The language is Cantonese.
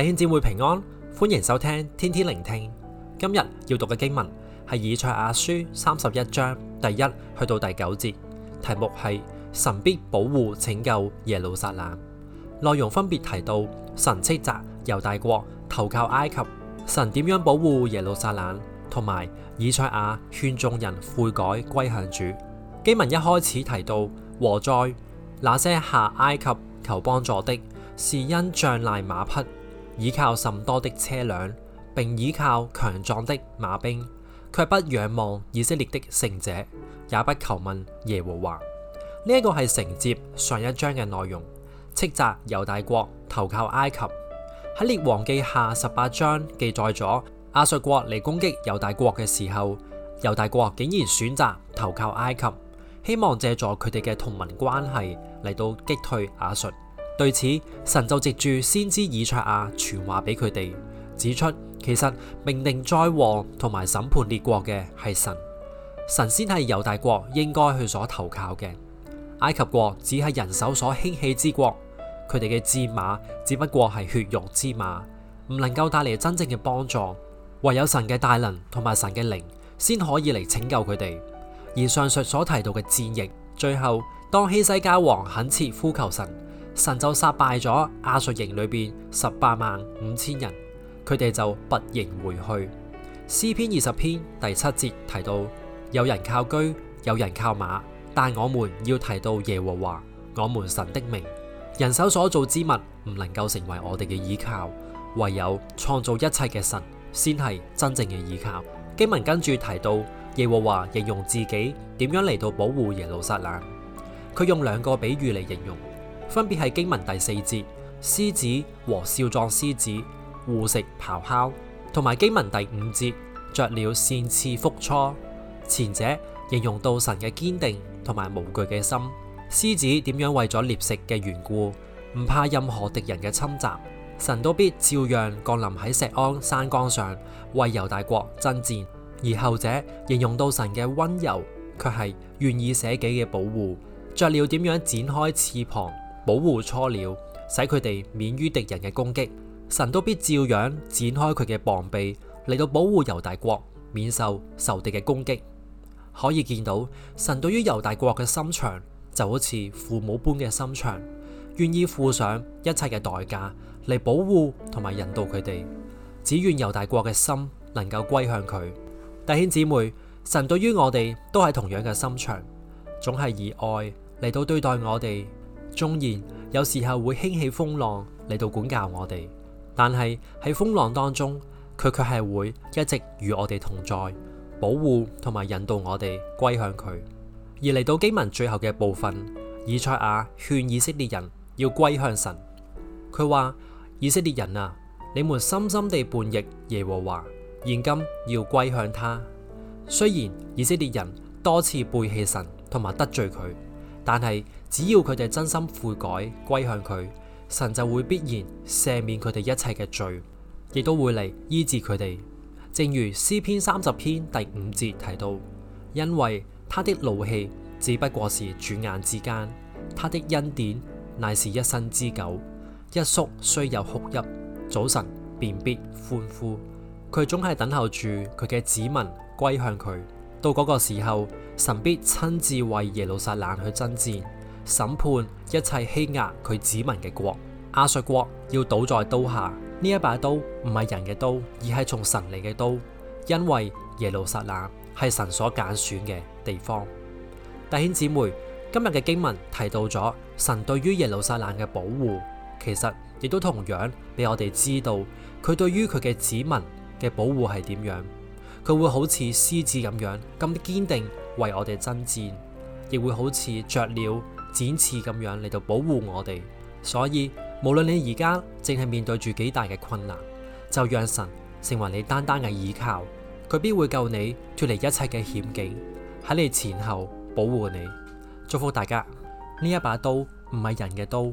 弟兄姊妹平安，歡迎收聽天天靈聽。今日要讀嘅經文係以賽亞書三十一章第一去到第九節，題目係神必保護拯救耶路撒冷。內容分別提到神斥責猶大國投靠埃及，神點樣保護耶路撒冷，同埋以賽亞勸眾人悔改歸向主。經文一開始提到禍哉，那些下埃及求幫助的，是因仗賴馬匹。依倚靠甚多的車輛，並倚靠強壯的馬兵，却不仰望以色列的聖者，也不求問耶和華。呢一個係承接上一章嘅內容，斥責猶大國投靠埃及。喺列王記下十八章記載咗亞述國嚟攻擊猶大國嘅時候，猶大國竟然選擇投靠埃及，希望借助佢哋嘅同盟關係嚟到擊退亞述。對此，神就藉住先知以賽亞傳話俾佢哋，指出其實命定災禍同埋審判列國嘅係神，神先係猶大國應該去所投靠嘅。埃及國只係人手所興起之國，佢哋嘅戰馬只不過係血肉之馬，唔能夠帶嚟真正嘅幫助。唯有神嘅大能同埋神嘅靈，先可以嚟拯救佢哋。而上述所提到嘅戰役，最後當希西家王懇切呼求神。神就殺敗咗亞述營裏邊十八萬五千人，佢哋就拔營回去。詩篇二十篇第七節提到：有人靠車，有人靠馬，但我們要提到耶和華，我們神的名。人手所做之物唔能夠成為我哋嘅倚靠，唯有創造一切嘅神先係真正嘅倚靠。經文跟住提到耶和華形容自己點樣嚟到保護耶路撒冷，佢用兩個比喻嚟形容。分別係經文第四節，獅子和少壯獅子護食咆哮，同埋經文第五節，雀鳥搧翅覆雛。前者形容到神嘅堅定同埋無懼嘅心，獅子點樣為咗獵食嘅緣故，唔怕任何敵人嘅侵襲，神都必照樣降臨喺錫安山岡上為猶大國爭戰；而後者形容到神嘅溫柔，卻係願意捨己嘅保護，雀鳥點樣展開翅膀。保護雛鳥，使佢哋免於敵人嘅攻擊，神都必照樣展開佢嘅膀臂嚟到保護猶大國，免受仇敵嘅攻擊。可以見到神對於猶大國嘅心腸就好似父母般嘅心腸，願意付上一切嘅代價嚟保護同埋引導佢哋，只願猶大國嘅心能夠歸向佢。弟兄姊妹，神對於我哋都係同樣嘅心腸，總係以愛嚟到對待我哋。縱然有時候會興起風浪嚟到管教我哋，但係喺風浪當中，佢卻係會一直與我哋同在，保護同埋引導我哋歸向佢。而嚟到經文最後嘅部分，以賽亞勸以色列人要歸向神，佢話：以色列人啊，你們深深地叛逆耶和華，現今要歸向他。雖然以色列人多次背棄神同埋得罪佢。但係，只要佢哋真心悔改歸向佢，神就會必然赦免佢哋一切嘅罪，亦都會嚟醫治佢哋。正如詩篇三十篇第五節提到，因為他的怒氣只不過是轉眼之間，他的恩典乃是一生之久。一宿雖有哭泣，早晨便必歡呼。佢總係等候住佢嘅子民歸向佢。到嗰個時候，神必親自為耶路撒冷去爭戰，審判一切欺壓佢子民嘅國。亞述國要倒在刀下，呢一把刀唔係人嘅刀，而係從神嚟嘅刀，因為耶路撒冷係神所揀選嘅地方。弟兄姊妹，今日嘅經文提到咗神對於耶路撒冷嘅保護，其實亦都同樣俾我哋知道佢對於佢嘅子民嘅保護係點樣。佢會好似獅子咁樣咁堅定為我哋爭戰，亦會好似雀鳥展翅咁樣嚟到保護我哋。所以無論你而家正係面對住幾大嘅困難，就讓神成為你單單嘅依靠，佢必會救你脱離一切嘅險境，喺你前後保護你。祝福大家，呢一把刀唔係人嘅刀。